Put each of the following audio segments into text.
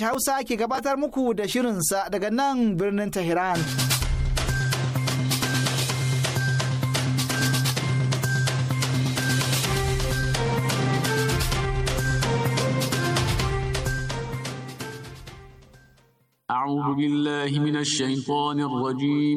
Mashi Hausa ke gabatar muku da shirinsa daga nan birnin tehran A'a bugi Lahi munashe in ko wani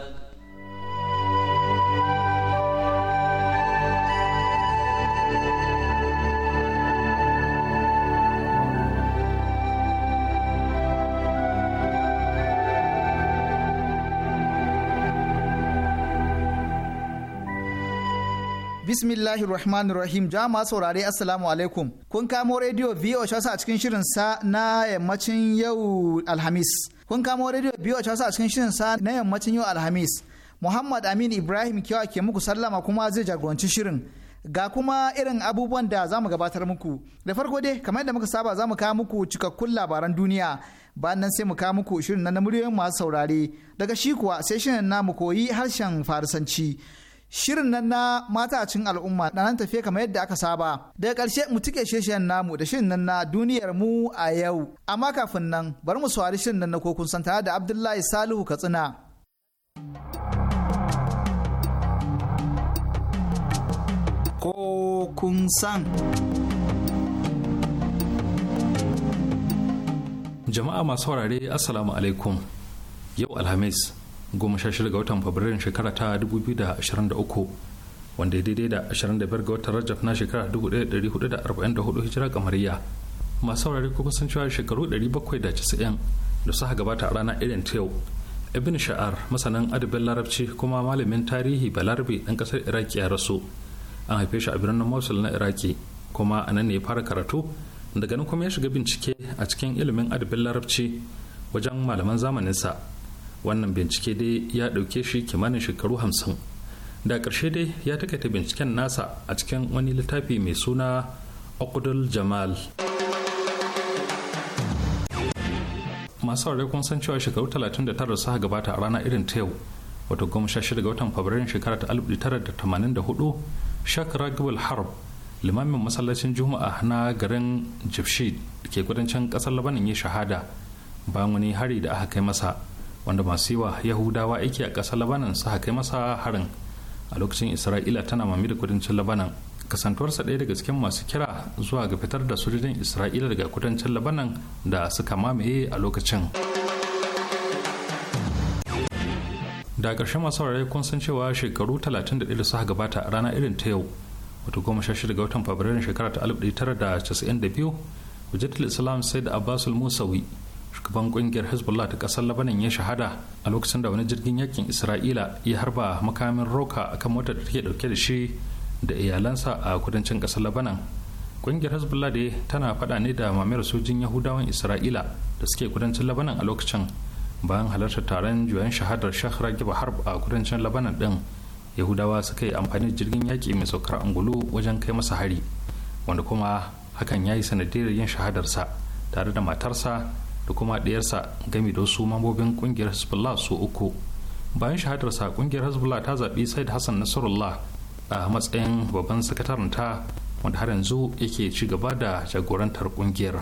Bismillahir Rahmanir Rahim jama saurare Assalamu alaikum. Kun kamo rediyo biyu a cikin shirin sa na yammacin yau Alhamis. Kun kamo rediyo biyu a cikin shirin sa na yammacin yau Alhamis. Muhammad Amin Ibrahim Kiyawa ke muku sallama kuma zai jagoranci shirin. Ga kuma irin abubuwan da zamu gabatar muku. Da farko dai kamar da muka saba za mu kawo muku cikakkun labaran duniya. Bayan nan sai mu kawo muku shirin na muryoyin masu saurare. Daga shi kuwa sai shirin mu koyi harshen Farisanci. shirin nan na mata a al'umma na nan tafiye kamar yadda aka saba daga ƙarshe mu tike sheshen namu da shirin nan na duniyar mu a yau amma kafin nan bari mu saurari shirin nan na kokun santana da abdullahi salihu katsina kokun san jama'a masu saurare assalamu alaikum yau alhamis 16 ga watan fabrairun shekara ta 2023 wanda ya daidai da 25 ga watan rajab na shekara 1444 hijira kamariya masu saurari ko kusan cewa shekaru 790 da suka gabata a rana irin ta yau ibn sha'ar masanin adabin larabci kuma malamin tarihi balarabe ɗan ƙasar iraki ya rasu an haife shi a birnin mosul na iraki kuma a nan ne ya fara karatu daga nan kuma ya shiga bincike a cikin ilimin adabin larabci wajen malaman zamaninsa wannan bincike dai ya ɗauke shi kimanin shekaru hamsin da ƙarshe dai ya takaita binciken nasa a cikin wani littafi mai suna okudul jamal masu aure kun san cewa shekaru 39 suka gabata a rana irin ta yau wato goma sha shida ga watan fabrairun shekara ta hudu shak ragibul harb limamin masallacin juma'a na garin jibshid ke kudancin kasar labanin ya shahada bayan wani hari da aka kai masa wanda masu yiwa yahudawa aiki a ƙasar labanan suka kai masa harin a lokacin isra'ila tana mami da kudancin labanan kasantuwarsa ɗaya daga cikin masu kira zuwa ga fitar da sojojin isra'ila daga kudancin labanan da suka mamaye a lokacin da ƙarshe masu saurare kun san cewa shekaru 31 da suka gabata a rana irin ta yau wato goma sha shida ga watan fabrairun shekara ta 1992 wajen islam sai da abbasul musawi shugaban kungiyar hezbollah ta kasar labanan ya shahada a lokacin da wani jirgin yakin isra'ila ya harba makamin roka akan motar da take dauke da shi da iyalansa a kudancin kasar labanan kungiyar hezbollah dai tana fada ne da mamayar sojin yahudawan isra'ila da suke kudancin labanan a lokacin bayan halartar taron juyan shahadar shah ragib harb a kudancin labanan din yahudawa suka yi amfani da jirgin yaki mai saukar angulu wajen kai masa hari wanda kuma hakan ya yi sanadiyar yin shahadarsa tare da matarsa da kuma ɗayarsa gami da wasu mambobin ƙungiyar hezbollah su uku bayan shahadarsa kungiyar hezbollah ta zaɓi sai da hassan nasarullah a matsayin babban sakataren wanda har yanzu yake ci gaba da jagorantar ƙungiyar.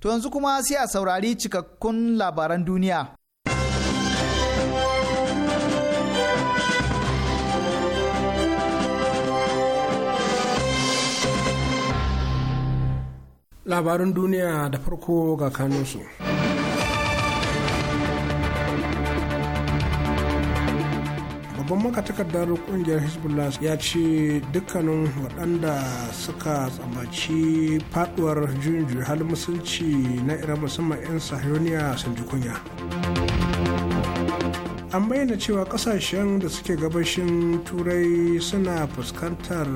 To yanzu kuma sai a saurari cikakkun labaran duniya. Labaran duniya da farko ga kanunsu. babban magatakardar kungiyar hezbollah ya ce dukkanin waɗanda suka tsammaci faduwar juyin halin musulci na iran musamman 'yan sahiyoniya sun ji kunya an bayyana cewa kasashen da suke gabashin turai suna fuskantar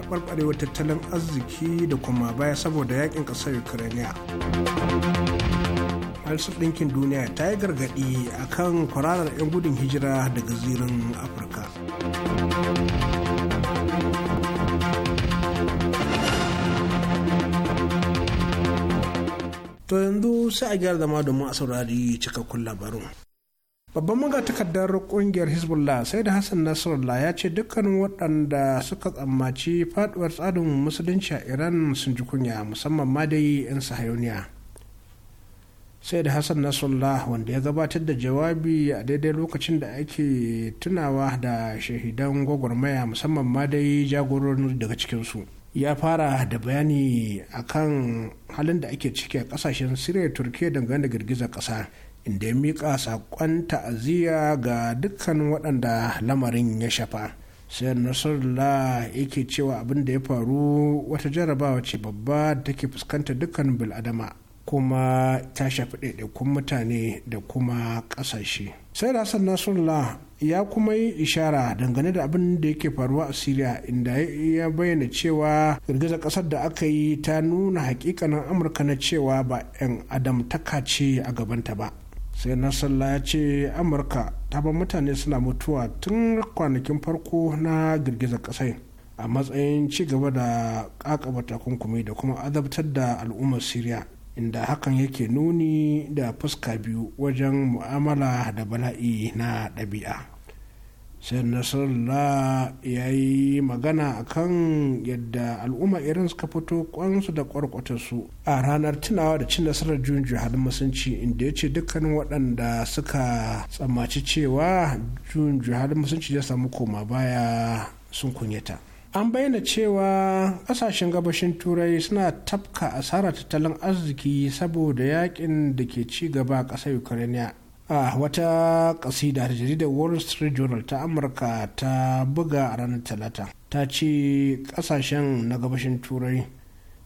taɓarɓarewar tattalin arziki da kuma baya saboda yakin ƙasar ukraine majalisar ɗinkin duniya ta yi gargaɗi a kan kwararar 'yan gudun hijira daga zirin afirka to yanzu sai a gyara zama domin a saurari cikakkun labarin babban magatakardar kungiyar hezbollah sai da hassan nasrallah ya ce dukkanin waɗanda suka tsammaci faduwar tsarin musulunci a iran sun ji kunya musamman ma dai 'yan sahayoniya sai da hassan nasrullah wanda ya gabatar da jawabi a daidai lokacin da ake tunawa da shahidan gwagwarmaya musamman ma dai jagororin daga cikinsu ya fara da bayani akan halin da ake ciki a kasashen siriya turkiya dangane da girgizar kasa inda ya mika saƙon ta'aziyya ga dukkan waɗanda lamarin ya shafa sai nasarullah yake cewa abin da ya faru wata jarabawa ce babba da take fuskantar dukkan bil'adama kuma ta shafi ɗaiɗaikun mutane da kuma ƙasashe. sai da hassan nasrullah ya kuma yi ishara dangane da abin da yake faruwa a syria inda ya bayyana cewa girgizar ƙasar da aka yi ta nuna hakikanin amurka na cewa ba 'yan adam taka ce a gabanta ba sai nasrullah ya ce amurka ta ba mutane suna mutuwa tun kwanakin farko na girgizar ƙasar a matsayin ci gaba da kakaba takunkumi da kuma azabtar da al'ummar syria inda hakan yake nuni da fuska biyu wajen mu'amala da bala'i na ɗabi'a sai nasarallah ya yi magana a kan yadda al'umma irin suka fito kwansu da su a ranar tunawa da cin nasarar juyin jihadin musulunci inda ya ce dukkanin waɗanda suka tsammaci cewa juyin jihadin musulunci ya samu koma baya sun kunyata. an bayyana cewa kasashen gabashin turai suna tafka asarar tattalin arziki saboda yakin da ke ci gaba a ƙasar ukraine a wata kasida da jaridar wall street journal ta amurka ta buga a ranar talata ta ce kasashen na gabashin turai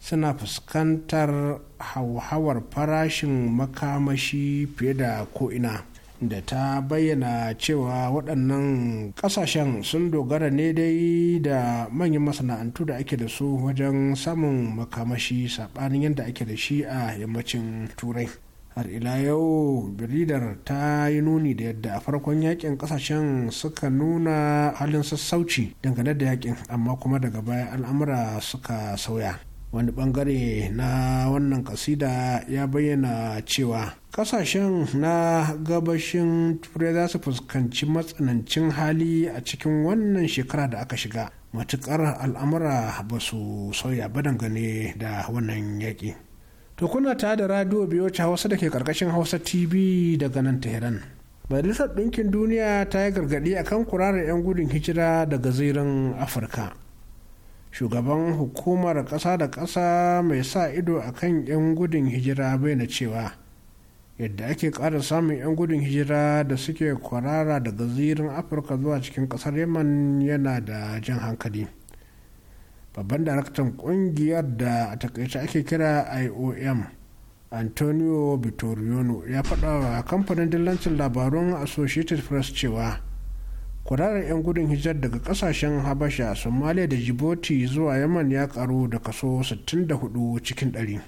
suna fuskantar hauhawar farashin makamashi fiye da ko'ina da ta bayyana cewa waɗannan ƙasashen sun dogara ne dai da manyan masana'antu da ake da su wajen samun makamashi saɓanin yadda ake da shi a yammacin turai har ila yau biridar ta yi nuni da yadda a farkon yakin ƙasashen suka nuna halin sassauci dangane da yakin amma kuma daga baya al'amura suka sauya wani bangare na wannan kasida ya bayyana cewa kasashen na gabashin turai za su fuskanci matsanancin hali a cikin wannan shekara da aka shiga matukar al'amura ba su sauya ba dangane da wannan yaƙi to kuna ta da radio biyo ta hausa da ke karkashin hausa tv daga nan tehran majalisar ɗinkin duniya ta yi gargaɗi akan kurarar 'yan gudun hijira daga zirin afirka shugaban hukumar ƙasa da ƙasa mai sa ido a kan 'yan gudun hijira bayyana cewa yadda ake ƙara samun 'yan gudun hijira da suke kwarara daga zirin afirka zuwa cikin ƙasar yaman yana da jan hankali babban daraktan ƙungiyar da a takaice ake kira iom antonio vittorino ya faɗa wa kamfanin dillancin labarun associated press cewa kwararar 'yan gudun hijar daga kasashen habasha somalia da djibouti zuwa yaman ya karu da kaso 64 cikin 100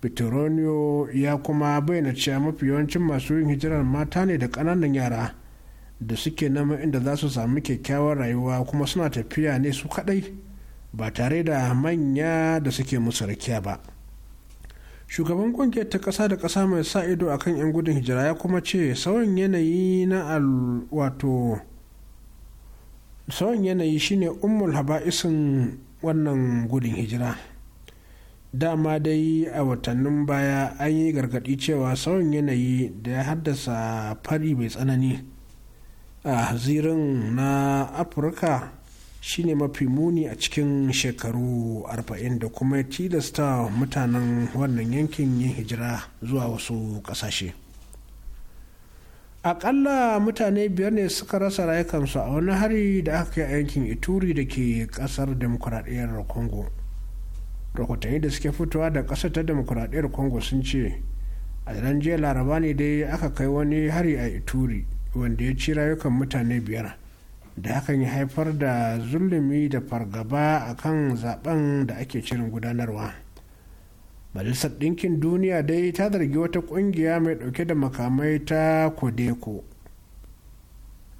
petronio ya kuma bayyana cewa mafi yawancin masu yin hijirar mata ne da kananan yara da suke neman inda za su sami kyakkyawar rayuwa kuma suna tafiya ne su kadai ba tare da manya da suke musu rakiya ba. shugaban kungiyar ta ƙasa da ƙasa mai sa ido a kan 'yan gudun hijira ya kuma ce sauyin yanayi na wato sauyin yanayi shine ummul haba'isin wannan gudun hijira dama dai a watannin baya an yi gargaɗi cewa sauyin yanayi da ya haddasa fari mai tsanani a zirin na afirka shine mafi muni a cikin shekaru 40 da kuma tilasta mutanen wannan yankin yin hijira zuwa wasu ƙasashe aƙalla mutane biyar ne suka rasa rayukansu a wani hari da aka kai a yankin ituri da ke ƙasar demokuraɗiyar congo rahotanni da suke fitowa da ƙasar ta demokuraɗiyar congo sun ce a jiya laraba ne dai aka kai wani hari a ituri wanda ya ci rayukan mutane biyar da hakan ya haifar da zulumi da fargaba a kan zaben da ake shirin gudanarwa majalisar ɗinkin duniya dai ta zargi wata ƙungiya mai ɗauke da makamai ta kodeko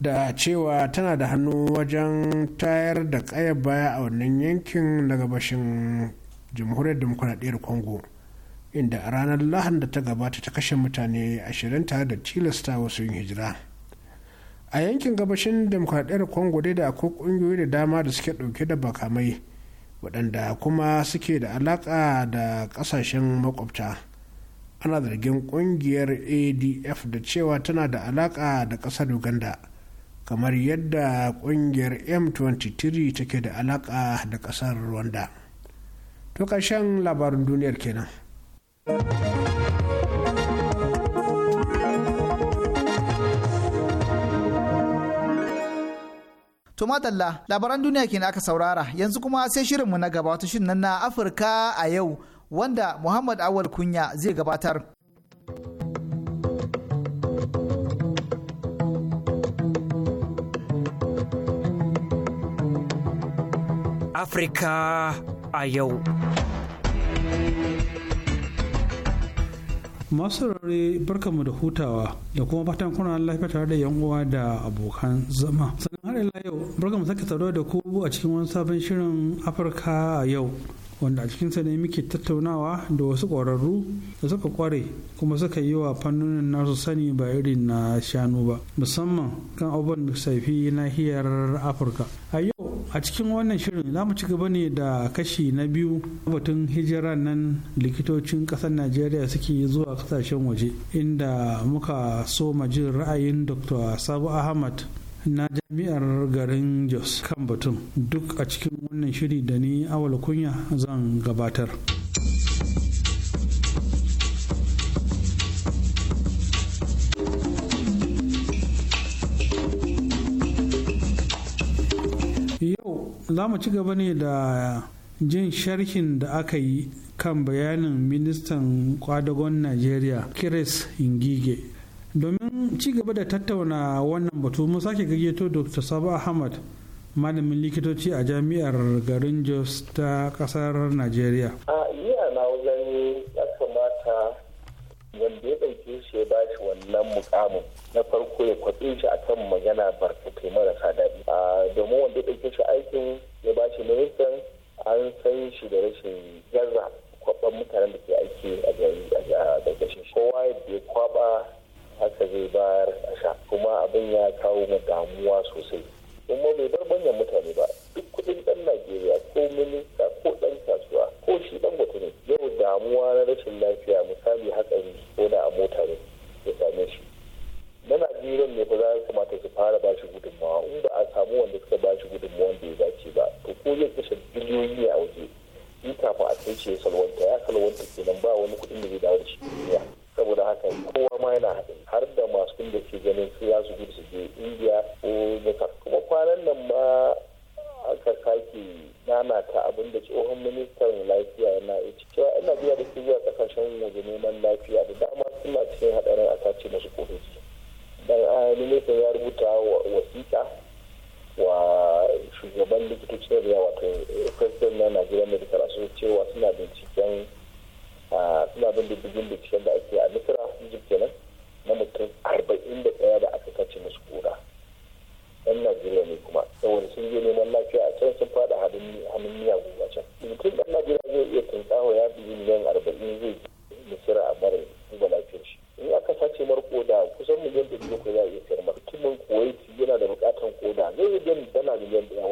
da cewa tana da hannu wajen tayar da ƙaya baya a wannan yankin na gabashin jamhuriyar demokuraɗiyar congo inda a ranar lahan da ta gabata ta kashe mutane ashirin tare da tilasta wasu yin hijira. a yankin gabashin demokradiyyar congo dai da akwai ƙungiyoyi da dama da suke ɗauke da bakamai waɗanda kuma suke da alaƙa da ƙasashen makwabta ana zargin ƙungiyar adf da cewa tana da alaƙa da ƙasar uganda kamar yadda ƙungiyar m23 take da alaƙa da ƙasar rwanda to ƙarshen labarin duniyar kenan. To madalla labaran duniya kenan aka saurara yanzu kuma sai shirinmu na gabata wato shirin na Afirka a yau wanda Muhammad Awal Kunya zai gabatar. Afirka a yau. masu rarre barkamu da hutawa da kuma fatan kuna lafiya tare da yan uwa da abokan zama sannan har ila yau barkamu sake tsaro da ku a cikin wani sabon shirin afirka a yau wanda a cikinsa ne muke tattaunawa da wasu ƙwararru da suka ƙware kuma suka yi wa fannonin nasu sani ba irin na shanu ba musamman kan abubuwan da safi nahiyar afirka a yau a cikin wannan shirin za mu ci gaba ne da kashi na biyu batun hijira nan likitocin ƙasar najeriya suke zuwa ƙasashen waje inda muka so ma jin ra'ayin dr sabu ahmad na jami'ar garin jos kan batun duk a cikin wannan shiri da ni awal kunya zan gabatar yau za mu ci gaba ne da jin sharhin da aka yi kan bayanin ministan kwadagon najeriya chris ingige domin ci gaba da tattauna wannan batu mun sake gayyato dr sabo ahmad malamin likitoci a jami'ar garin jos ta kasar nigeria a iya na wajen ya kamata wanda ya ɗauke shi ya bashi wannan mukamin na farko ya kwatse shi a kan magana barkatai marasa daɗi domin wanda ya ɗauke shi aikin ya bashi ministan an san shi da rashin gaza kwaɓɓan mutanen da ke aiki a shi. kowa ya kwaɓa. haka zai bayar a sha kuma abin ya kawo mu damuwa sosai kuma bai bar manyan mutane ba duk kudin dan najeriya ko minista ko dan kasuwa ko shi dan ne yau damuwa na rashin lafiya misali hatsari ko da a mota ne ya same shi na najeriya ne ba za kamata su fara ba shi gudunmawa in ba a samu wanda suka ba shi gudunmawa da ya dace ba to ko zai kashe biliyoyi a waje in kafin a kai shi ya salwanta ya salwanta kenan ba wani kuɗin da zai dawo da shi jiya. saboda haka kowa ma yana haɗin har da masu kunda ke ganin su za su gudu su je indiya ko nepal kuma kwanan nan ma aka sake ta abin da tsohon ministan lafiya na ita cewa ina biya da zuwa kasashen waje neman lafiya da dama suna cikin haɗarin a sace masu kofofi dan a ministan ya rubuta wasiƙa wa shugaban likitocin da wato president na nigeria medical association cewa suna binciken suna bin diddigin binciken da ake a misira egypt kenan na mutum arba'in da ɗaya da aka kace musu kura yan najeriya ne kuma saboda sun je neman lafiya a can sun fada hannun miya a can mutum ɗan najeriya zai iya tuntawa ya bi miliyan arba'in zai misira a mara duba lafiyar shi in aka sace mar koda kusan miliyan ɗari bakwai za a iya sayar mar mutumin kuwaiti yana da buƙatan koda zai yi dala miliyan ɗaya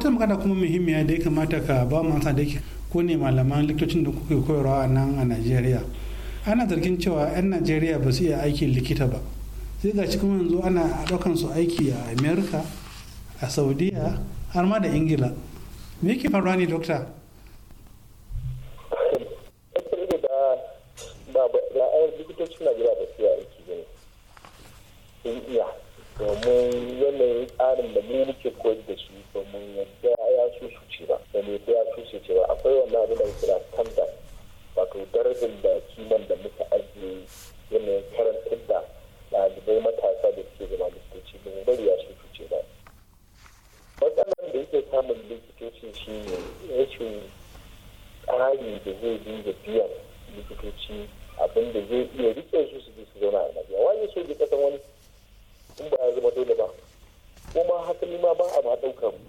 wata magana kuma muhimmiya da ya kamata ka ba mu ansa da ko ne malaman likitocin da kuke koyarwa nan a najeriya ana zargin cewa 'yan najeriya ba su iya aikin likita ba sai ga kuma yanzu ana ɗaukan su aiki a Amerika, a saudiya har ma da ingila me yake faruwa ne dokta domin yadda ya su su ba da ne ya su ba akwai wannan abin da kira standard wato darajar da kiman da muka ajiye yanayin karantar da ɗalibai matasa da suke zama likitoci ba mu bari ya su su ba matsalar da yake samun likitoci shi ne rashin tsari da zai dinga biyan likitoci abin da zai iya rike su su su zauna a Najeriya wani so je kasan wani in ba ya zama dole ba kuma hasali ma ba a ma ɗaukar mu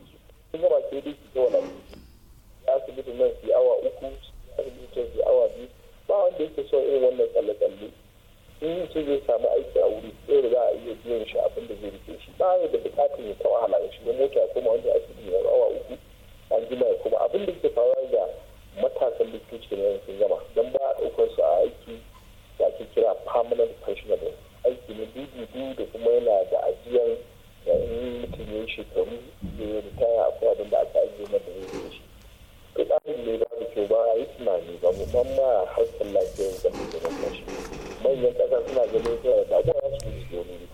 sun gaba ke dai su ya wani bi nan su awa uku asibitin su awa biyu ba wanda yake son irin wannan tsalle-tsalle in yi zai samu aiki a wuri sai da za a iya biyan shi abin da zai rike shi ba da bukatun ya tawa halaye shi shiga mota kuma wanda asibiti biyan awa uku an jima ya kuma abin da ke faruwa ga matasan likitoci ne sun zama don ba a ɗaukar su a aiki da ake kira permanent pensionable aiki na dubu da kuma yana da ajiyar yayin mutum ya shekaru da ya ritaya akwai abin da aka ajiye na da ya shi to tsarin ne ba da kyau ba a yi tunani ba musamman ma harkar lafiyar da ke da kashi manyan ƙasa suna ganin suna da damuwa su ne domin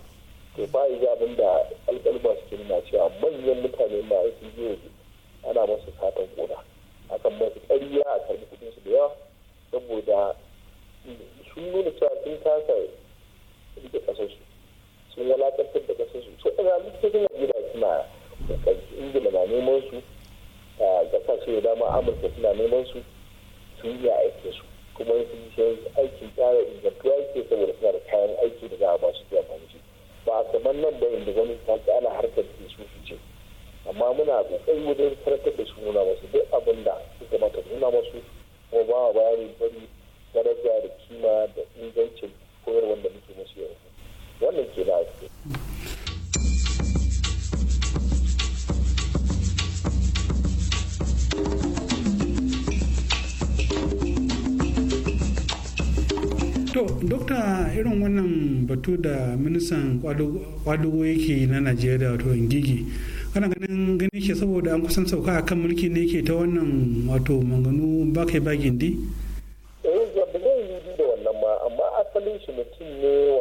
to ba yi abin da alƙalma suke nuna cewa manyan mutane ma su yi ana masu satan ƙona akan masu ƙarya a karbi kudin su da yawa saboda sun nuna cewa sun kasa rike ƙasarsu sun walakantar da kasar su so ɗaga likitocin gida suna ingila na neman su a ƙasashe da dama amurka suna neman su sun yi aikin su kuma sun yi aikin tsara ingantuwa ke saboda suna da kayan aiki da za a ba su ke amfani ba kaman nan ba inda wani ta ana harkar da su su ce amma muna ƙoƙari wajen karantar da su nuna masu duk abin da suka mata nuna masu kuma ba bayani bari daraja da kima da irin wannan batu da ministan kwadugo yake na najeriya wato ingigi kana ganin ganin ke saboda an kusan sauka a kan mulki ne ke ta wannan wato manganu bakai bagindi eh ba zai yi da wannan ma amma asalin shi mutum ne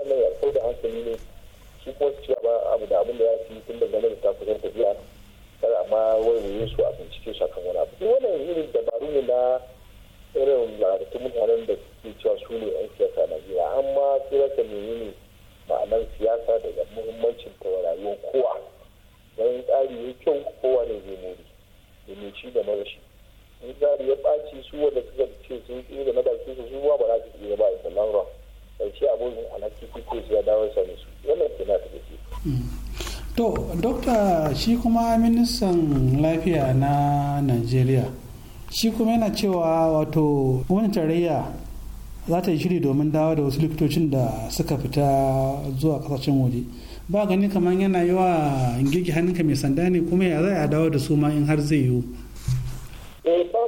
wannan ya sau da hankali ne shi kuma su ba abu da abin da ya fi tun da game da takusan tafiya kada amma waiwaye su a bincike su akan wani abu wannan irin dabaru ne na irin lalatattun mutanen da suke cewa su ne yan siyasa jiya amma siyasa ne ma'anar siyasa daga muhimmancin ta rayuwar kowa don tsari ya kyau kowa ne zai mori da mai ci da mara shi in tsari ya ɓaci su wanda suka ce sun tsira na da su su ba za su iya ba a salon ƙarshe abokin alhaki kuku ya dawo sani su wannan ke na take hmm. to dokta shi kuma ministan lafiya na najeriya shi kuma yana cewa wato gwamnatin tarayya za ta yi shiri domin dawo da wasu likitocin da suka fita zuwa kasashen waje ba gani kamar yana yi wa gigi hannunka mai sanda ne kuma ya za a dawo da su ma in har zai yiwu. Eh, ba.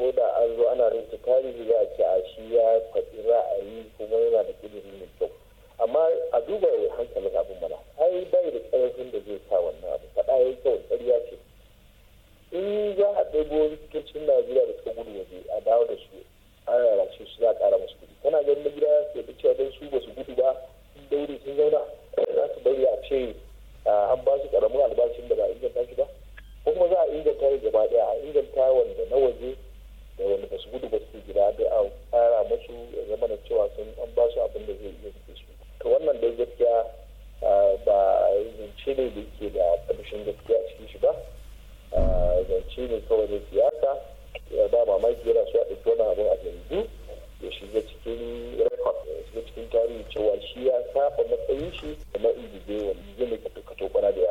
ko da an zo ana rinci tarihi za a ce a shi ya faɗi ra'ayi kuma yana da ilimi mai kyau amma a duba ya hankalin abin mana ai bai da ƙarfin da zai sa wannan abu faɗa ya kyau ƙarya ce in za a ɗago rikicin najeriya da suka gudu waje a dawo da su an rarrashe su za a ƙara musu kuɗi kana ganin na gida ke da cewa don su ba su gudu ba sun daure sun zauna za su bari a ce an ba su ƙaramin albashin da ba a inganta shi ba kuma za a inganta da gaba ɗaya a inganta wanda na waje da wani basu gudu ba su gida dai a tsara musu ya zama da cewa sun an ba su abin da zai iya da su to wannan dai gaskiya ba zance ne da yake da karshen gaskiya a cikin shi ba zance ne kawai da siyasa ya ba mamaki yana so a ɗauki wannan abin a yanzu ya shiga cikin rekod ya shiga cikin tarihi cewa shi ya saba matsayin shi da ma'in jibe wani zai ne ka tokana da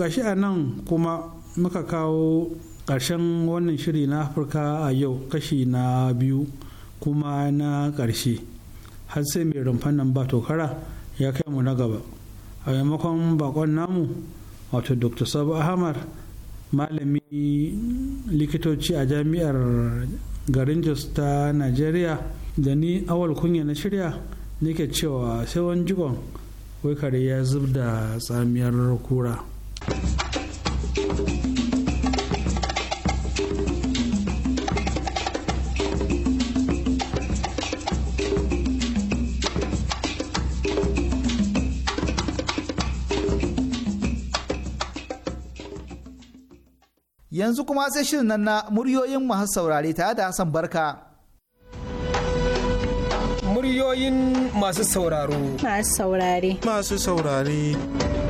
gashi a nan kuma muka kawo ƙarshen wannan shiri na afirka a yau kashi na biyu kuma na ƙarshe har sai mai rumfan nan ba tokara ya kai mu na gaba a maimakon bakon namu wato dr sabu ahmad malami likitoci a jami'ar garin jos ta nigeria da ni awal kunya na shirya nake cewa sai wani jigon wai kare ya zub da tsamiyar kura. yanzu kuma sai shirin nan na muryoyin masu saurare tare da Hassan Barka. Muryoyin masu sauraro. Masu saurare. Masu saurare.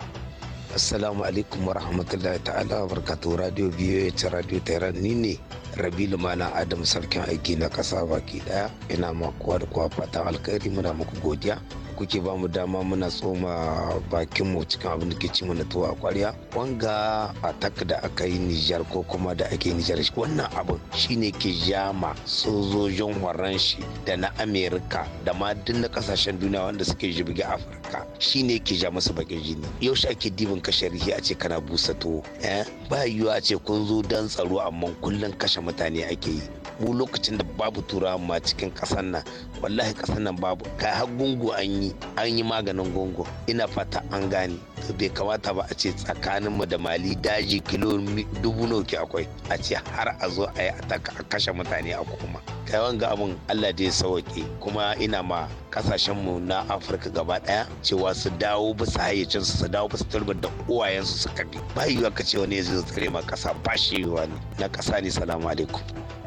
assalamu alaikum wa rahmatullahi ta'ala wa barkatu radio voh radio tehran ni ne rabi lumana adam sarkin aiki na kasa baki daya ina makuwa da kuwa fatan alkhairi muna muku godiya kuke ba mu dama muna tsoma bakin mu cikin abin da ke ci mana tuwo a kwarya wanga attack da aka yi Nijar ko kuma da ake Nijar shi wannan abin shine ke jama sojojin horon shi da na Amerika da ma duk na kasashen duniya wanda suke jibge Afirka shine ke jama masu bakin jini yaushe ake dibin kashe rihi a ce kana busa tuwo eh ba yiwuwa a ce kun zo dan tsaro amma kullum kashe mutane ake yi mu lokacin da babu turawa ma cikin ƙasar nan wallahi ƙasar nan babu kai har gungu an yi an yi maganin gungu ina fata an gane bai kamata ba a ce tsakaninmu da mali daji kilo dubu noki akwai a ce har a zo a yi a kashe mutane a kuma yawan ga abin allah dai sauke kuma ina ma kasashenmu na afirka gaba daya cewa su dawo bisa hayyacin su dawo bisa turbar da uwayensu su kabi ba yiwuwa ka ce wani zai tsare ma kasa ba shi yiwuwa ne na kasa ne salamu alaikum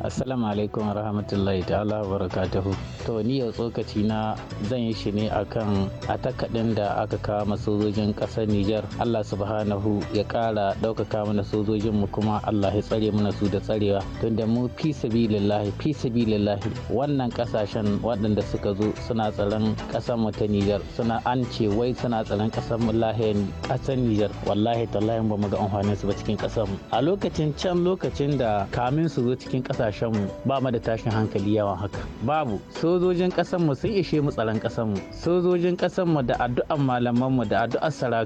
Assalamu alaikum rahmatullahi ta'ala barakatuhu. To ni yau tsokaci na zan yi shi ne akan atakaɗin da aka kawo masojojin ƙasar ƙasar Nijar Allah subhanahu ya ƙara ɗaukaka mana sojojin mu kuma Allah ya tsare mana su da tsarewa tunda mu fi sabilillahi fi sabilillahi wannan ƙasashen waɗanda suka zo suna tsaron ƙasar mu ta Nijar suna an ce wai suna tsaron ƙasar mu lahiyar ƙasar Nijar wallahi tallahi ba mu ga amfanin su ba cikin ƙasar mu a lokacin can lokacin da kamin su zo cikin ƙasashen mu ba mu da tashin hankali yawan haka babu sojojin ƙasar mu sun ishe mu tsaron ƙasar mu sojojin ƙasar mu da addu'an malaman mu da addu'ar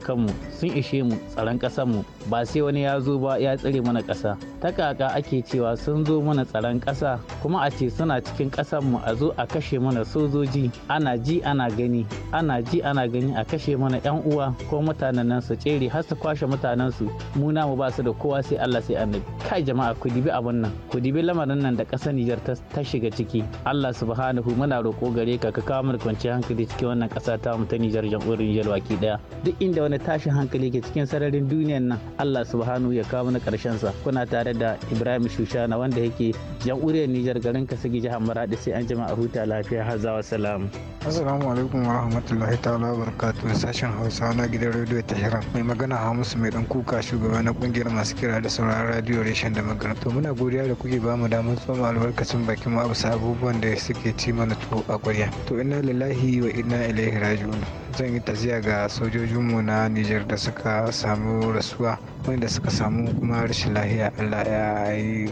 kanmu sun ishe mu tsaron mu ba sai wani ya zo ba ya tsare mana ƙasa ta kaka ake cewa sun zo mana tsaron ƙasa kuma a ce suna cikin mu a zo a kashe mana sojoji ana ji ana gani ana ji ana gani a kashe mana yan uwa ko mutanen nan su tsere har su kwashe mutanen su mu namu ba su da kowa sai Allah sai annabi kai jama'a ku dibi abin nan ku dibi lamarin nan da ƙasar Nijar ta shiga ciki Allah subhanahu muna roƙo gare ka ka kawo mana kwanciyar hankali cikin wannan ƙasa ta mu ta Nijar jamhuriyar Nijar baki daya duk inda wani da tashin hankali ke cikin sararin duniyan nan Allah subhanahu ya kawo na karshen sa kuna tare da Ibrahim Shushana wanda yake jamhuriyar Niger garin Kasigi jihar Maradi sai an a huta lafiya hazawa salam Assalamu alaikum wa rahmatullahi ta'ala barakatuh sashen Hausa na gidan radio Tehran mai magana Hamisu mai dan kuka shugaba na kungiyar masu kira da sauraron radio reshen da magana to muna godiya da kuke ba mu damar tsoma albarkacin bakin mu abubuwan da suke ci mana to a gurya to inna lillahi wa inna ilaihi raji'un zan yi taziya ga sojojinmu na nijar da suka samu rasuwa wanda suka samu kuma rashin lafiya Allah ya yi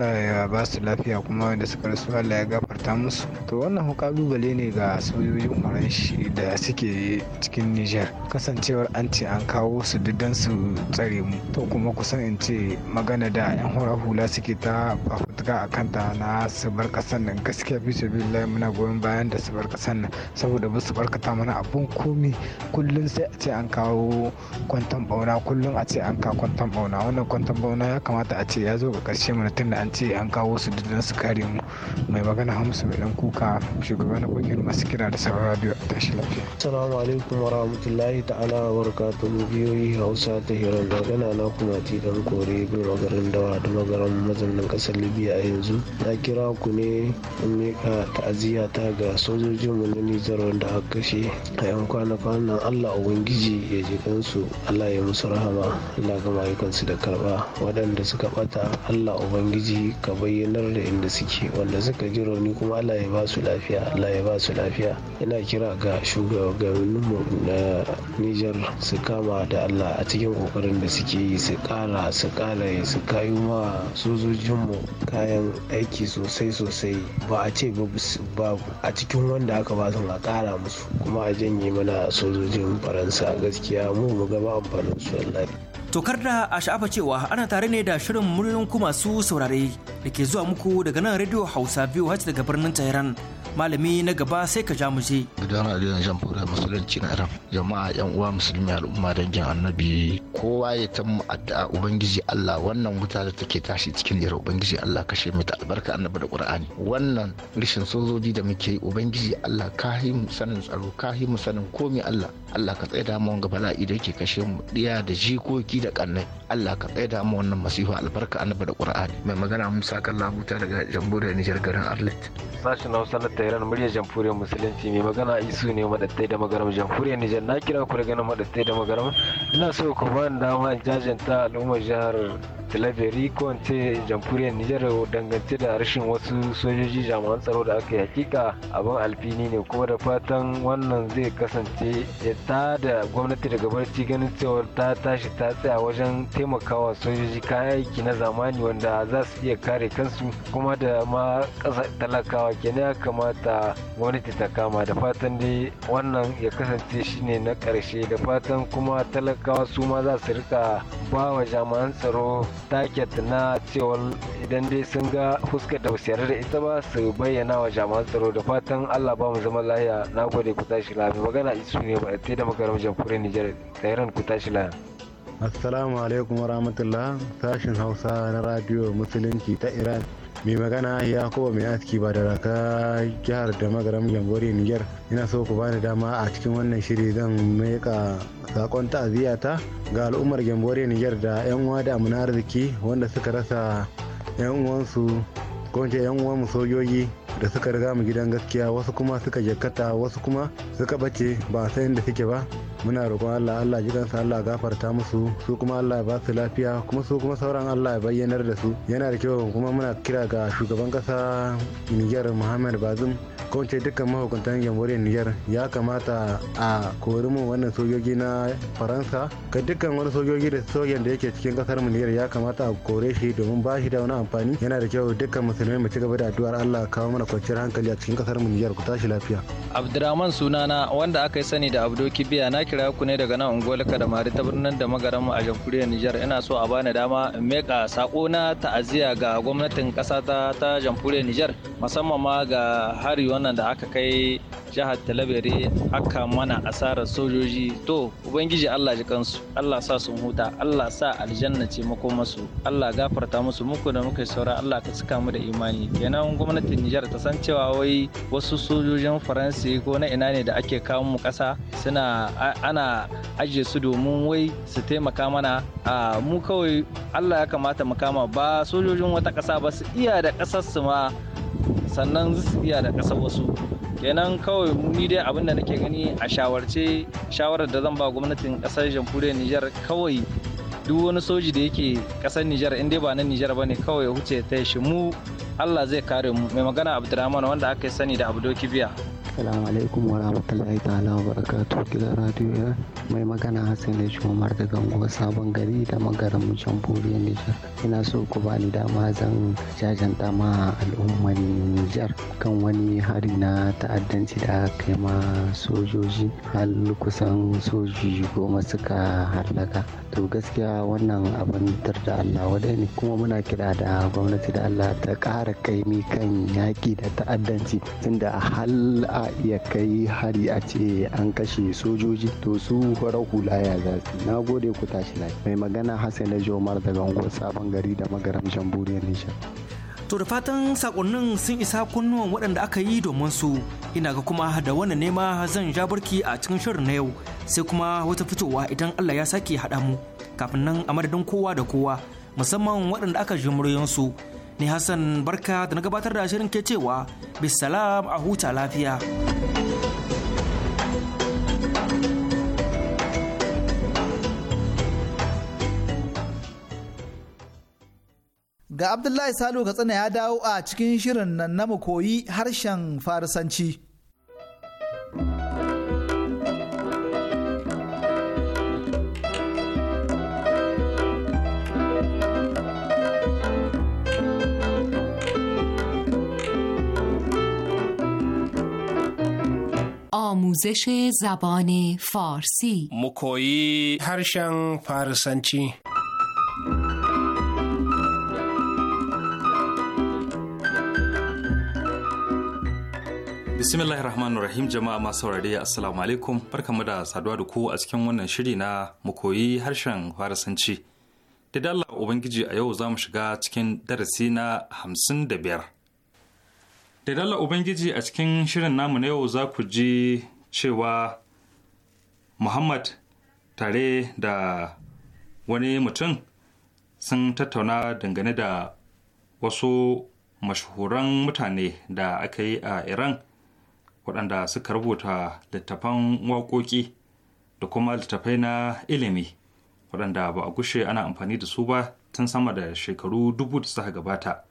ya ba su lafiya kuma wanda suka rasu Allah ya gafarta musu to wannan kalubale ne ga sojojin faranshi da suke cikin Niger kasancewar an ce an kawo su didan su tsare mu to kuma kusan in ce magana da yan hura hula suke ta fafutuka a kanta na su bar kasan nan gaskiya bisa billahi muna goyon bayan da su bar kasan nan saboda ba su barkata mana abun komi kullum sai a ce an kawo kwantan bauna kullum a ce an kawo kwantan bauna wannan kwantan bauna ya kamata a ce ya zo ga karshe mana da an ce an kawo su duk su kare mu mai magana hamsu mai dan kuka shugaba na kungiyar masu kira da sauran radio a tashi lafiya assalamu alaikum wa rahmatullahi ta'ala wa barakatuhu biyoyi hausa ta hirar magana na kuma dan kore bin magarin dawa da magaran mazaunin kasar libya a yanzu na kira ku ne in mika ta'aziyya ta ga sojojin mu na nijar wanda aka kashe a yan kwana-kwanan allah ubangiji ya ji kansu allah ya musu rahama ina ga mayukansu da karba waɗanda suka ɓata Allah ubangiji ka bayyanar da inda suke wanda suka ji rauni kuma Allah ya ba su lafiya Allah ya ba su lafiya ina kira ga shugabanninmu na Nijar su kama da Allah a cikin kokarin da suke yi su kara su kara su kayu ma sojojinmu kayan aiki sosai sosai ba a ce babu a cikin wanda aka ba su a kara musu kuma a janye mana sojojin faransa gaskiya mu mu gaba amfanin su wallahi Tokar da a sha'afa cewa ana tare ne da shirin muryoyin ku masu saurare da ke zuwa muku daga nan Radio Hausa biyu hajji daga birnin Tehran. malami na gaba sai ka ja mu je. Gidan Jan Fura musulunci na Iran jama'a yan uwa musulmi al'umma dangin annabi kowa ya ta addu'a ubangiji Allah wannan wuta da take tashi cikin jira ubangiji Allah kashe mu ta albarka annabi da Qur'ani wannan rishin sojoji da muke ubangiji Allah ka yi mu sanin tsaro ka yi mu sanin komai Allah Allah ka tsaya mu ga bala'i da yake kashe mu diya da jikoki da kannai Allah ka tsaya mu wannan masifa albarka annabi da Qur'ani mai magana Musa Kallahu ta daga jamhuriyar Nijar garin Arlet. sashin tehran muryar jamhuriyar musulunci mai magana isu ne madattai da magaram jamhuriyar nijar na kira ku daga nan madattai da magaram ina so ku ba ni dama jajanta al'ummar jihar talabiri ko in ce jamhuriyar nijar dangance da rashin wasu sojoji jami'an tsaro da aka yi hakika abin alfini ne kuma da fatan wannan zai kasance ya ta da gwamnati daga barci ganin cewa ta tashi ta tsaya wajen taimakawa sojoji kayan aiki na zamani wanda za su iya kare kansu kuma da ma ƙasa talakawa kenan ya kamata fata gwamnati ta kama da fatan dai wannan ya kasance shine na karshe da fatan kuma talakawa su ma za su rika ba wa jami'an tsaro taket na cewar idan dai sun ga fuskar da basu yarda da ita ba su bayyana wa jami'an tsaro da fatan allah ba mu zama lahiya na gode ku tashi lafiya magana isu ne ba da makarar jamhuriyar nijar tsairan ku tashi lafiya Assalamu alaikum warahmatullah sashin Hausa na Radio Musulunci ta Iran mai magana ya kowa mai aski ba da raka jihar da magaram jamhuriyar niger ina so ku bani dama a cikin wannan shiri zan meka sakon ta'aziyata ga al'ummar jamhuriyar niger da yan uwa da amina arziki wanda suka rasa yan uwansu ko yan sojoji da suka riga mu gidan gaskiya wasu kuma suka jakata wasu kuma suka bace ba san inda suke ba muna roƙon Allah Allah ji kansa Allah gafarta musu su kuma Allah ya ba su lafiya kuma su kuma sauran Allah ya bayyanar da su yana da kyau kuma muna kira ga shugaban kasa Niger Muhammad Bazoum ko ce dukkan mahukuntan jamhuriyar niger ya kamata a kori mu wannan sojoji na faransa ga dukkan wani sojoji da sojan da yake cikin kasar mu niger ya kamata a kore shi domin ba shi da wani amfani yana da kyau dukkan musulmai mu ci gaba da addu'ar allah kawo mana kwanciyar hankali a cikin kasar mu niger ku tashi lafiya abdurrahman sunana wanda aka yi sani da abdo kibiya na kira ku ne daga nan da mari ta birnin da magaran a jamhuriyar niger ina so a bani dama in meka sako na ta'aziyya ga gwamnatin kasa ta ta jamhuriyar niger musamman ma ga hari wannan da aka kai jihar talabere aka mana asarar sojoji to ubangiji allah ji kansu allah sa sun huta allah sa aljanna ce mako masu allah gafarta musu muku da muka saura allah ka cika mu da imani kenan gwamnatin nijar ta san cewa wai wasu sojojin faransi ko na ina ne da ake kawo mu kasa suna ana ajiye su domin wai su taimaka mana a mu kawai allah ya kamata mu kama ba sojojin wata kasa ba su iya da kasar su ma sannan su iya da kasa wasu kenan kawai ni dai abin da nake gani a shawarce shawarar da zan ba gwamnatin ƙasar jamhuriyar nijar kawai duk wani soji da yake ƙasar nijar in dai ba na nijar ba ne kawai ya wuce ta shi mu Allah zai kare mu mai magana Abdulrahman wanda aka sani da Abdoki Biya Assalamu alaikum wa rahmatullahi ta'ala wa barakatu gidan radio ya mai magana Hassan da Umar daga unguwar Sabon Gari da magaran Buriya Nijar. Ina so ku bani dama zan jajan dama al'ummar Nijar kan wani hari na ta'addanci da aka yi ma sojoji har kusan soji goma suka hallaka. To gaskiya wannan abin da Allah wadai ne kuma muna kira da gwamnati da Allah ta ƙara ƙara kaimi kan yaƙi da ta'addanci tunda hal a iya kai hari a ce an kashe sojoji to su farar hula ya su na gode ku tashi mai magana hassan da jomar daga unguwar sabon gari da magaram jamhuriyar nisha To da fatan sakonnin sun isa kunnuwan waɗanda aka yi domin su ina ga kuma da wannan nema zan ja barki a cikin shirin na yau sai kuma wata fitowa idan Allah ya sake haɗa mu kafin nan a madadin kowa da kowa musamman waɗanda aka ji muryansu Ni Hassan barka da na gabatar da shirin ke cewa bisalam a huta lafiya. Ga Abdullahi Salu Katsina ya dawo a cikin shirin nan na koyi harshen Farisanci. آموزش زبان فارسی مکویی هرشن فارسنچی bismillahir rahmanir rahim jama'a masu saurare assalamu alaikum barkamu da saduwa da ku a cikin wannan shiri na mu koyi harshen farasanci da dalla ubangiji a yau za mu shiga cikin darasi na hamsin da biyar da dalla ubangiji a cikin shirin namu na yau za ku ji cewa muhammad tare da wani mutum sun tattauna dangane da wasu mashahuran mutane da aka yi a iran waɗanda suka rubuta littattafan waƙoƙi da kuma littattafai na ilimi waɗanda ba a gushe ana amfani da su ba tun sama da shekaru dubu da suka gabata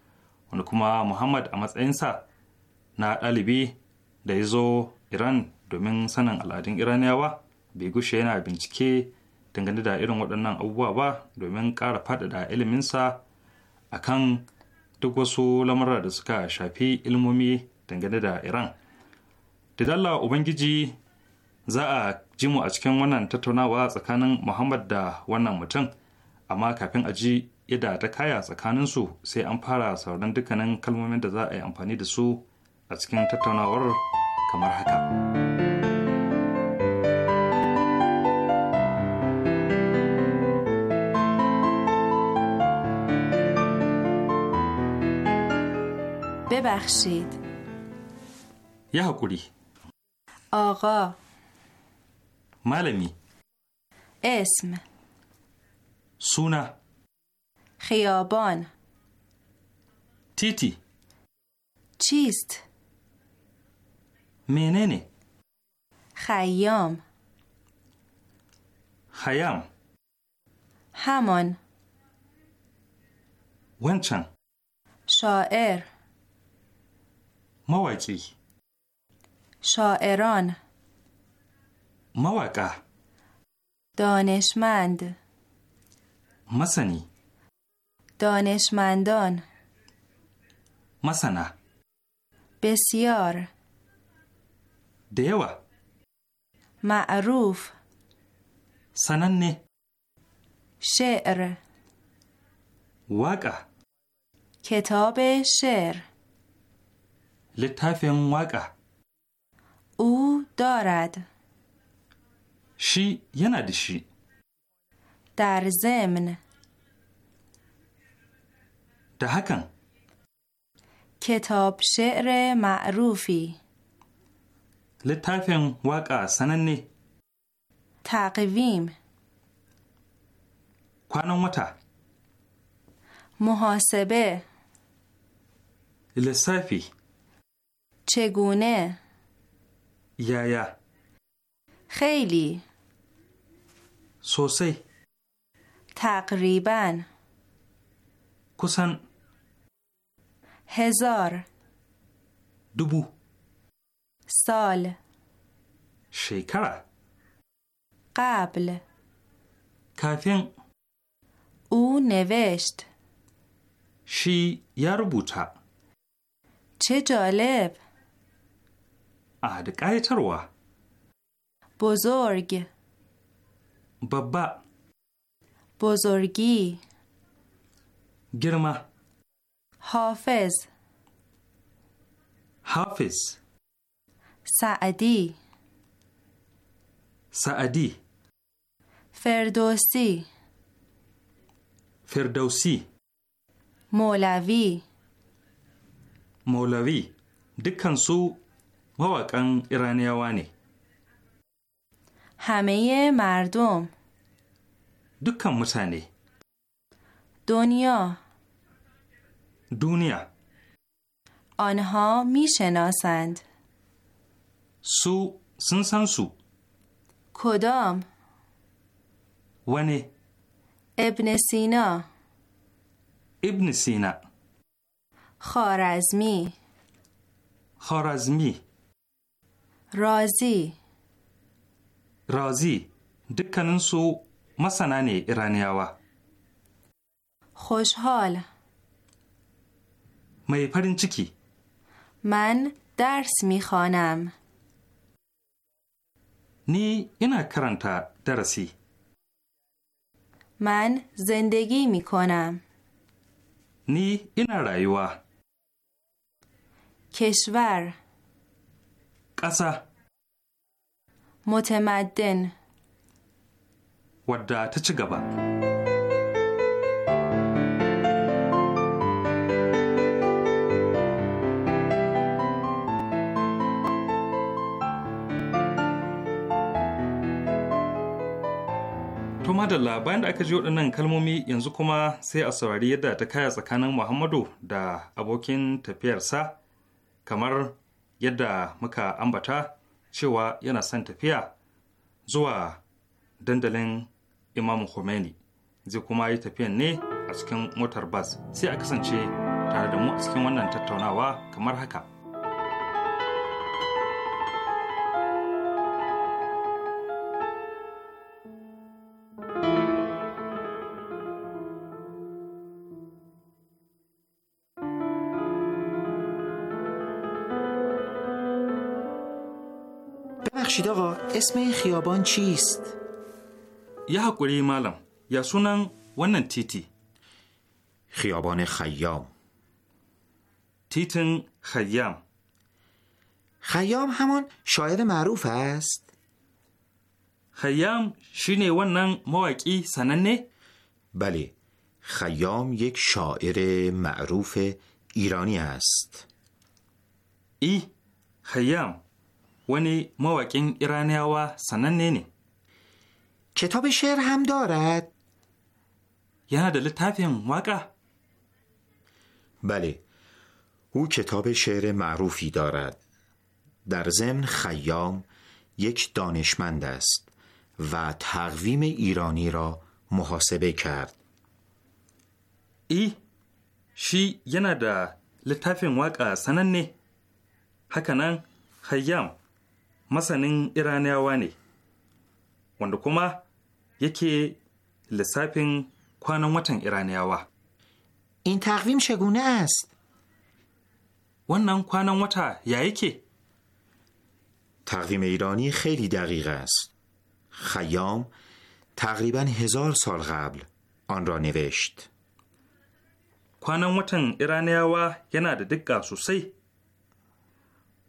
wani kuma muhammad a matsayinsa na ɗalibi da ya zo Iran domin sanin al'adun Iraniyawa bai gushe yana bincike dangane da irin waɗannan abubuwa ba domin ƙara faɗaɗa iliminsa a kan duk wasu lamura da suka shafi ilmomi dangane da Iran. Da dalla Ubangiji za a ji mu a cikin wannan tattaunawa tsakanin Muhammad da wannan mutum, amma kafin a ji yadda ta kaya tsakaninsu sai an fara sauran dukkanin kalmomin da za a yi amfani da su a cikin tattaunawar kamar haka. ببخشید یه حکوری آقا ملمی اسم سونا خیابان تیتی چیست؟ menene خیام خیام همان ونچن شاعر مواکی شاعران موقع دانشمند مسنی دانشمندان مسنا بسیار da yawa ma'aruf sananne she'er waka ketobe she'er littafin waka u dorad shi yana da shi dar zemin da hakan کتاب شعر ma'arufi. littafin waƙa sananne. Taqvim. Kwanan wata. Muhasabe. Lissafi. Cegune. Yaya. Khaili. Sosai. Takriban. Kusan. Hezar. Dubu. سال شکر قبل کافین او نوشت شی یا چه جالب رو بزرگ بابا بزرگی گرما حافظ حافظ سعدی سعدی فردوسی فردوسی مولوی مولوی سو و Iraniyawa ایرانیوانی همه مردم دکان متانه دنیا دنیا آنها میشناسند سو سن سن سو کدام ونه ابن سینا ابن سینا خارزمی خارزمی رازی رازی دکنن سو مسنا نه ایرانیاوا خوشحال می پرین چکی من درس میخوانم ni ina karanta darasi. Man zindagi mikona. Ni ina rayuwa. Keshwar. Ƙasa. Motemadin. Wadda ta ci gaba. madalla bayan da aka ji waɗannan kalmomi yanzu kuma sai a saurari yadda ta kaya tsakanin Muhammadu da abokin tafiyarsa kamar yadda muka ambata cewa yana son tafiya zuwa dandalin Imam Khomeini zai kuma yi tafiyan ne a cikin motar bas sai a kasance tare da mu a cikin wannan tattaunawa kamar haka. ببخشید اسم این خیابان چیست؟ یه حکولی مالم یا سونن ونن تیتی خیابان خیام تیتن خیام خیام همان شاعر معروف است خیام شینه ونن موکی سننه؟ بله خیام یک شاعر معروف ایرانی است ای خیام ونی مواکین ایرانیاوا سنن نه کتاب شعر هم دارد یه دل بله او کتاب شعر معروفی دارد در ضمن خیام یک دانشمند است و تقویم ایرانی را محاسبه کرد ای شی یه نده واقع سنن نه حکنن خیام masanin iraniyawa ne wanda kuma yake lissafin kwanan watan iraniyawa in takvim shagune wannan kwanan wata ya yake تقویم ایرانی خیلی دقیق است خیام تقریبا هزار سال قبل kwanan watan iraniyawa yana da dukka sosai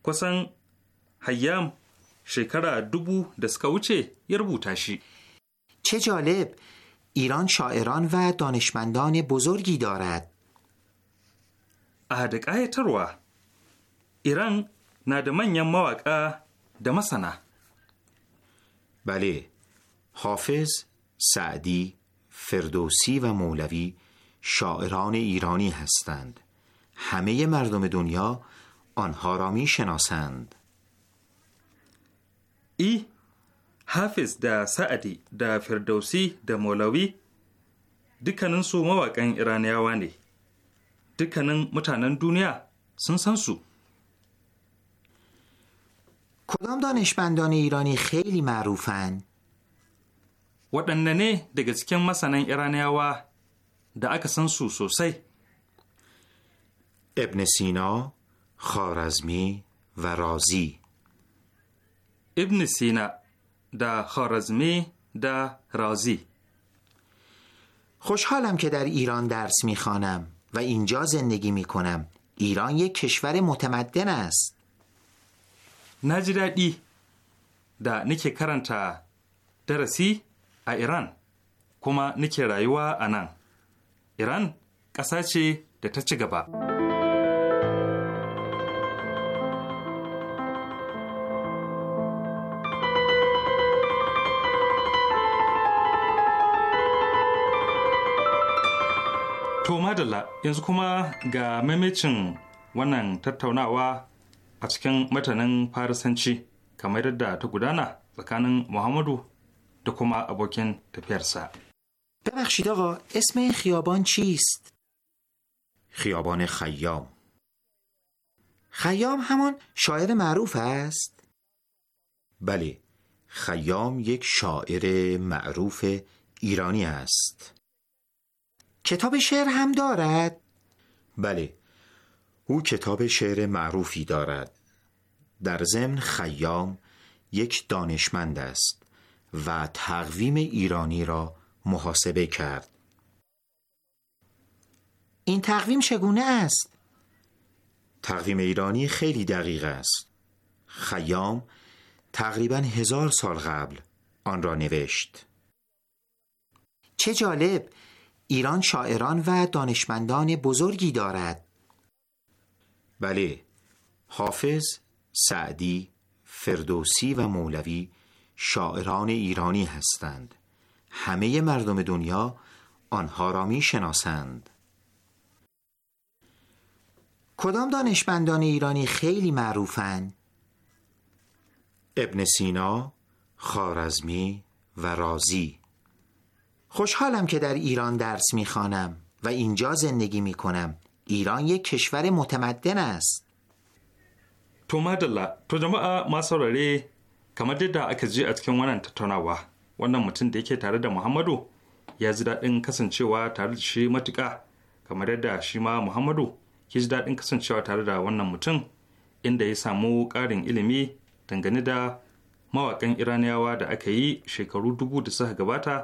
kusan hayyam شکر دوبو دسکاوچه یه شی چه جالب ایران شاعران و دانشمندان بزرگی دارد اهدقای تروا ایران نادمان یا مواقع دمسنه بله حافظ سعدی فردوسی و مولوی شاعران ایرانی هستند همه مردم دنیا آنها را می شناسند i e, hafiz da sa'adi da firdausi da molawi dukkaninsu mawaƙan iraniyawa ne dukkanin mutanen duniya sun san su کدام دانشمندان ایرانی خیلی marufan. waɗanne ne daga cikin masanan iraniyawa da aka san su sosai ابن سینا خارزمی و رازی ابن سینا دا خارزمی دا رازی خوشحالم که در ایران درس میخوانم و اینجا زندگی میکنم ایران یک کشور متمدن است نجدادی دا نکه کرنته درسی ایران کما نکه رایوا انان ایران قصه چه د ta ci madalla yanzu kuma ga maimacin wannan tattaunawa a cikin matanin farisanci kamar yadda ta gudana tsakanin muhammadu da kuma abokin tafiyarsa. ببخشید آقا اسم این خیابان چیست؟ خیابان خیام خیام همان شاعر معروف است؟ بله خیام یک شاعر معروف ایرانی است کتاب شعر هم دارد؟ بله او کتاب شعر معروفی دارد در ضمن خیام یک دانشمند است و تقویم ایرانی را محاسبه کرد این تقویم چگونه است؟ تقویم ایرانی خیلی دقیق است خیام تقریبا هزار سال قبل آن را نوشت چه جالب ایران شاعران و دانشمندان بزرگی دارد بله حافظ، سعدی، فردوسی و مولوی شاعران ایرانی هستند همه مردم دنیا آنها را می شناسند کدام دانشمندان ایرانی خیلی معروفند؟ ابن سینا، خارزمی و رازی خوشحالم که در ایران درس میخوانم و اینجا زندگی میکنم ایران یک کشور متمدن است to madalla to jama'a masaurare kamar yadda aka ji a cikin wannan tattaunawa wannan mutum da yake tare da muhammadu ya ji daɗin kasancewa tare da shi matuƙa kamar yadda shi ma muhammadu ya ji daɗin kasancewa tare da wannan mutum inda ya samu ƙarin ilimi dangane da mawaƙan iraniyawa da aka yi shekaru dubu da suka gabata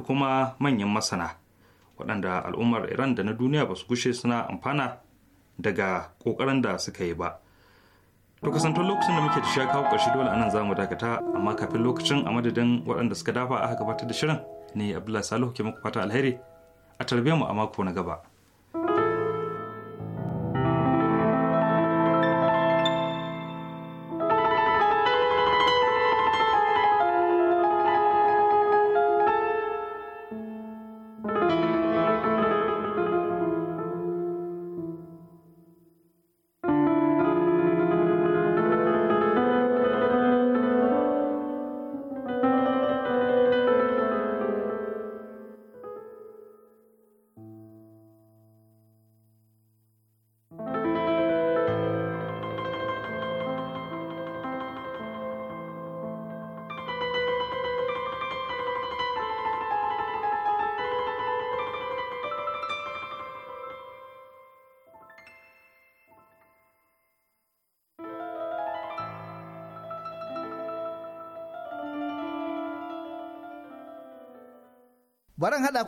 da kuma manyan masana waɗanda al'ummar iran da na duniya ba su gushe suna amfana daga ƙoƙarin da suka yi ba to kasantar lokacin da muke da shi kawo ƙarshe dole anan za mu dakata amma kafin lokacin a madadin waɗanda suka dafa aka gabatar da shirin ne abdullahi salihu ke muku fata alheri a tarbe mu a mako na gaba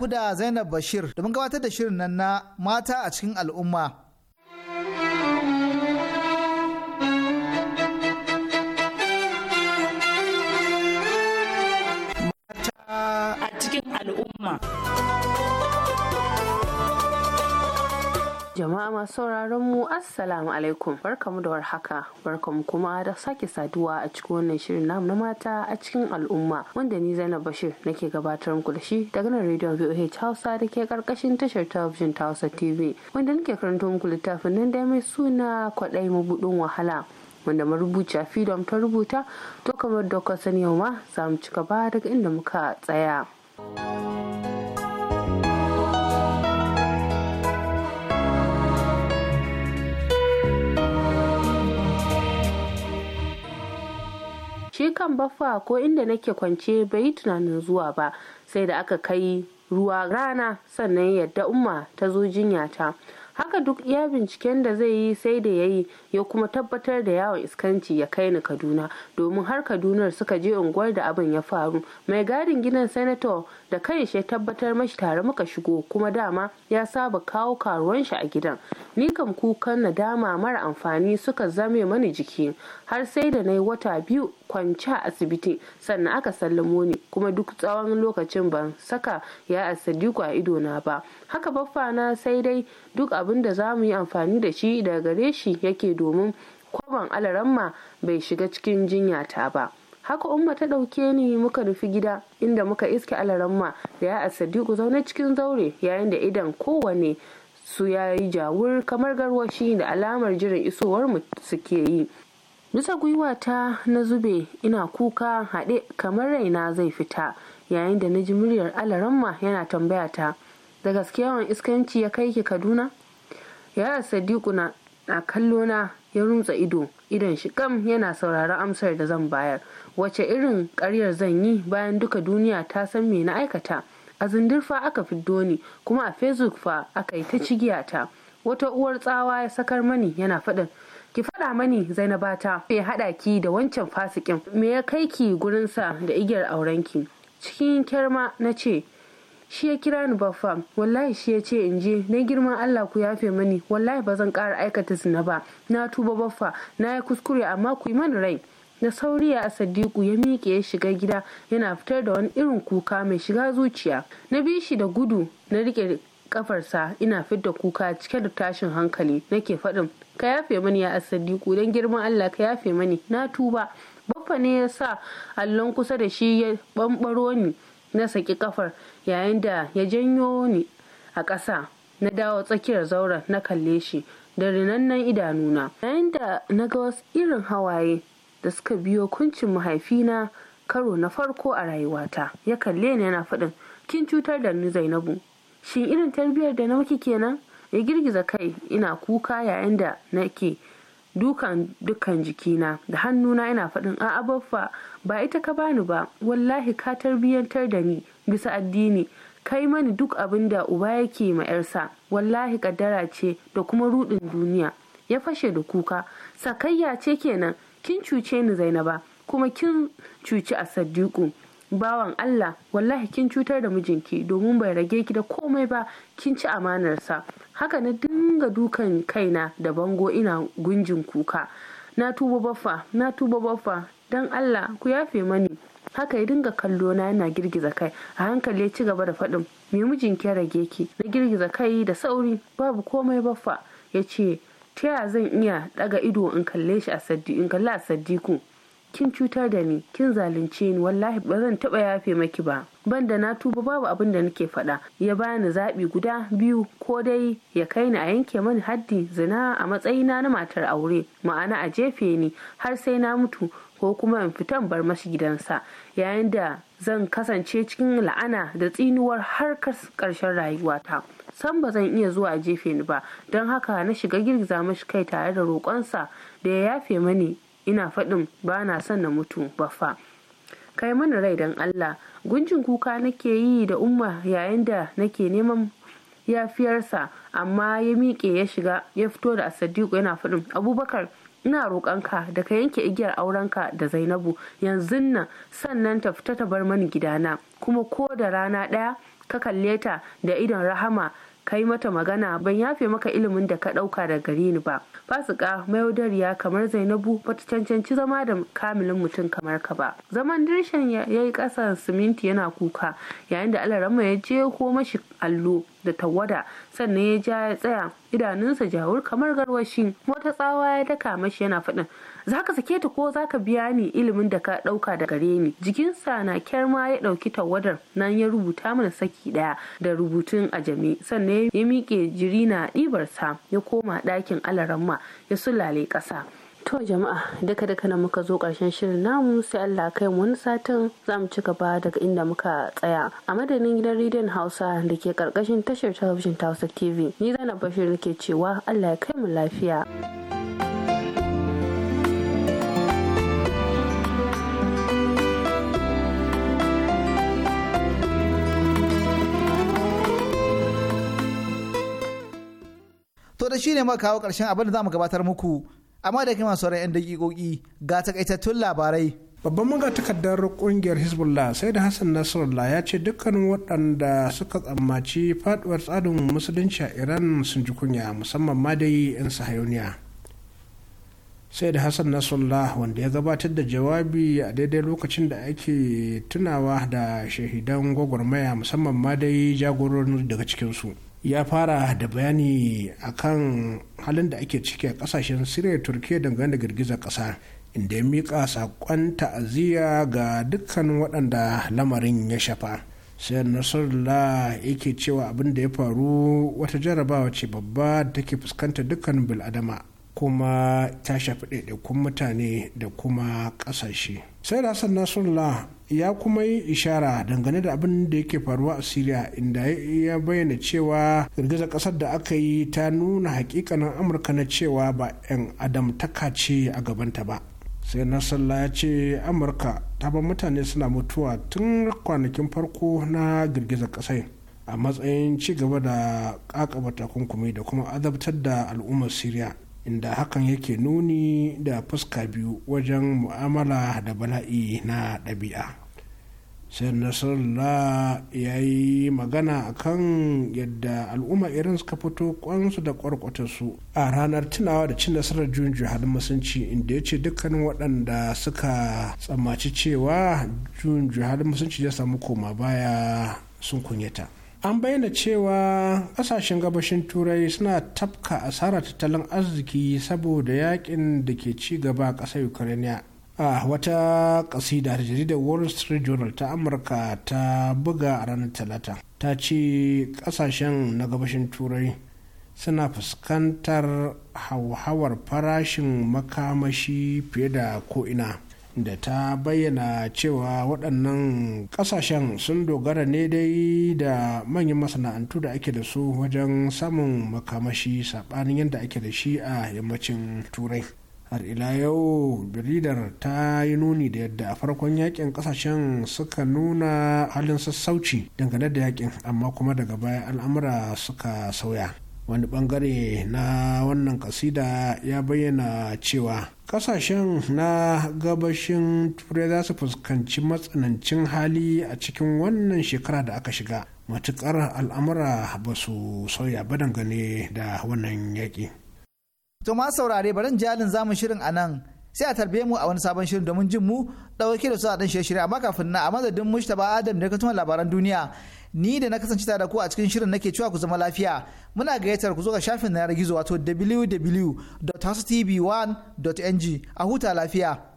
ku da Zainab Bashir domin gabatar da shirin nan na mata a cikin al'umma. masu sauraron mu assalamu alaikum barkamu da warhaka barkamu kuma da sake saduwa a cikin wannan shirin namu na mata a cikin al'umma wanda ni Zainab Bashir nake gabatar muku da shi daga nan rediyon VOH Hausa da ke karkashin tashar talabijin ta Hausa TV wanda nake karanto muku littafin nan da mai suna kwadai mabudin wahala wanda marubuciya Freedom ta rubuta to kamar dokar sani yau ma za mu ci gaba daga inda muka tsaya. shi kan baffa ko inda nake kwance bai yi tunanin zuwa ba sai da aka kai ruwa rana sannan yadda umma ta zo jinyata haka duk iya binciken da zai yi sai da ya yi ya kuma tabbatar da yawon iskanci ya kai ni kaduna domin har kadunar suka je unguwar da abin ya faru mai gadin gidan senator da kan ya tabbatar mashi tare muka shigo kuma dama ya saba kawo karuwan shi a gidan ni kam kukan nadama mara amfani suka zame mani jiki har sai da na yi wata biyu kwanci a asibiti sannan aka sallamo ni kuma duk tsawon lokacin ban saka ya a sadiku a idona ba haka baffa na sai dai duk abin da za mu yi amfani da shi daga gare shi yake domin kwaban alaramma bai shiga cikin jinyata ba haka umma ta ɗauke ni muka nufi gida inda muka iske alaramma da ya a sadiku zaune cikin zaure yayin da idan kowane su ya yi jawur kamar garwashi da alamar jiran isowar mu suke yi bisa gwiwata na zube ina kuka haɗe kamar raina zai fita yayin da na ji muryar alaramma yana tambaya ta da gaske yawan iskanci ya kai ki kaduna yara sadiku na kallo na ya runtsa ido idan shi kam yana sauraron amsar da zan bayar wace irin karyar zan yi bayan duka duniya ta san me na aikata a zindirfa aka fiddo ni kuma a facebook fa aka yi ta cigiya ta wata uwar tsawa ya sakar mani yana faɗin ki faɗa mani zainabata me haɗa ki da wancan fasikin me ya kai ki gurinsa da igiyar auren ki? cikin kyarma na ce shi ya kira ni baffa wallahi shi ya ce in je na girman Allah ku yafe mani wallahi ba zan ƙara aikata zina ba na tuba baffa na yi kuskure amma ku yi mani rai Na sauri ya sadiku ya miƙe ya shiga gida yana fitar da wani irin kuka mai shiga zuciya na bi shi da gudu na rike kafarsa ina fidda kuka cike da tashin hankali nake faɗin ka yafe mani ya asadiku don girman allah ka yafe mani na tuba baffa ne ya sa allon kusa da shi ya bambaro ni na saki kafar yayin da ya janyo ni a ƙasa na dawo tsakiyar zauren na kalle shi da rinannan idanuna yayin da na ga wasu irin hawaye da suka biyo kuncin mahaifina karo na farko a rayuwata ya kalle ni yana faɗin kin cutar da ni zainabu shi irin tarbiyyar da na maki kenan ya girgiza kai ina kuka yayin da nake dukan dukan jikina da hannuna ina faɗin a'a baffa ba ita ka bani ba wallahi ka tarbiyyantar da ni bisa addini kai mani duk abin da uba yake ma yarsa wallahi kaddara ce da kuma rudin duniya ya fashe da kuka sakayya ce kenan kin cuce ni zainaba kuma kin cuci a sadiku bawan Allah wallahi kin cutar da mijinki domin bai rage ki da komai ba kin ci amanarsa haka na dinga dukan kaina da bango ina gunjin kuka na tuba baffa na tuba baffa dan Allah ku yafe mani haka ya dinga kallo na yana girgiza kai a hankali ya ci gaba da faɗin me mijinki ya rage ki na girgiza kai da sauri babu komai baffa ya ce ta zan iya daga ido in kalle shi a saddi in kalli a saddiku kin cutar da ni kin zalunce ni wallahi ba zan taba yafe maki ba ban da na tuba babu abin da nake faɗa ya bani zaɓi guda biyu ko dai ya kai ni a yanke mani haddi zina a matsayina na matar aure ma'ana a jefe ni har sai na mutu ko kuma in fitan bar mashi gidansa yayin da zan kasance cikin la'ana da tsinuwar har karshen rayuwata san ba zan iya zuwa jefe ni ba don haka na shiga girgiza mashi kai tare da roƙonsa da ya yafe mani ina faɗin ba na son na mutu ba fa kai mana rai don allah gunjin kuka nake yi da umma yayin da nake neman yafiyarsa amma ya miƙe ya shiga ya fito da asadiku yana faɗin abubakar ina roƙonka da ka yanke igiyar aurenka da zainabu yanzu nan sannan ta fita ta bar mani gidana kuma ko da rana ɗaya ka kalle ta da idon rahama kai mata magana ban yafe maka ilimin da ka ɗauka da gare ni ba fasika mayaudariya kamar zainabu bata cancanci zama da kamilin mutum kamar ka ba zaman dirshan ya yi ƙasan siminti yana kuka yayin da alarama ya je ko mashi allo da tawada sannan ya ja ya tsaya idanunsa jawur kamar garwashi wata tsawa ya daka mashi yana faɗin za ka sake ta ko za ka biya ni ilimin da ka ɗauka da gare ni jikinsa na kyar ya ɗauki tawadar nan ya rubuta mana saki ɗaya da rubutun a jami sannan ya miƙe jiri na ɗibarsa ya koma ɗakin alaramma ya sulale ƙasa To jama'a daka-daka na muka zo karshen shirin namu sai Allah kai wani satin za mu ci gaba daga inda muka tsaya. A madadin gidan rediyon Hausa da ke karkashin tashar talabijin ta Hausa TV, ni zana Bashir nake cewa Allah ya kai mu lafiya. to da shi ne muka kawo ƙarshen abin da za mu gabatar muku amma da kima sauran 'yan dakikoki ga takaitattun labarai. Babban magatakardar kungiyar Hezbollah sai da Hassan Nasrallah ya ce dukkanin waɗanda suka tsammaci faduwar tsarin musulunci a Iran sun ji kunya musamman ma dai 'yan sahayoniya. Sai da Hassan Nasrallah wanda ya gabatar da jawabi a daidai lokacin da ake tunawa da shahidan gwagwarmaya musamman ma dai jagororin daga cikinsu. ya fara da bayani a kan halin da ake ciki a kasashen siriya turkiya dangane da girgizar kasa inda ya miƙa saƙon ta'aziyya ga dukkan waɗanda lamarin ya shafa sai nasarullah yake cewa abin da ya faru wata jarabawa ce babba da take fuskantar dukkan bil'adama kuma ta shafi ɗaiɗaikun mutane da kuma ƙasashe sai da hassan nasarullah ya kuma yi ishara dangane da abin da yake faruwa a syria inda ya bayyana cewa girgizar kasar da aka yi ta nuna hakikanin amurka na cewa ba 'yan adam taka ce a gabanta ba sai nasalla ya ce amurka ta bar mutane suna mutuwa tun kwanakin farko na girgizar kasar a matsayin ci gaba da kakaba takunkumi da kuma azabtar da al'ummar syria inda hakan yake nuni da fuska biyu wajen mu'amala da bala'i na ɗabi'a. sai la ya yi magana a kan yadda al'umma irin suka fito kwansu da su a ranar tunawa da cin nasarar juyin juhalin musulunci inda ya ce dukkanin waɗanda suka tsammaci cewa juyin juhalin musulunci ya samu koma baya sun kunyata an bayyana cewa ƙasashen gabashin turai suna tafka asarar tattalin arziki saboda yakin da ke ci gaba a ƙasar ukraine a wata kasida da jaridar wall street journal ta amurka ta buga a ranar talata ta ce kasashen na gabashin turai suna fuskantar hauhawar farashin makamashi fiye da ko'ina da ta bayyana cewa waɗannan ƙasashen sun dogara ne dai da manyan masana'antu da ake da su wajen samun makamashi saɓanin yadda ake da shi a yammacin turai har ila yau biridar ta yi nuni da yadda a farkon yakin kasashen suka nuna halin sassauci dangane da yakin amma kuma daga baya al'amura suka sauya wani bangare na wannan kasida ya bayyana cewa kasashen na gabashin turai za su fuskanci matsanancin hali a cikin wannan shekara da aka shiga matukar al'amura ba su sauya ba dangane da wannan yaƙi. To ma saurare barin jalin zamun shirin a nan sai a tarbe mu a wani sabon shirin domin jin mu ɗauke da su a dan shirye-shirye amma kafin na a madadin Mustapha Adam da kuma labaran duniya. Ni da na kasance tare da ku a cikin shirin nake cewa ku zama lafiya muna gayyatar ku zo ga shafin na yanar gizo wato www.housetv1.ng a huta lafiya.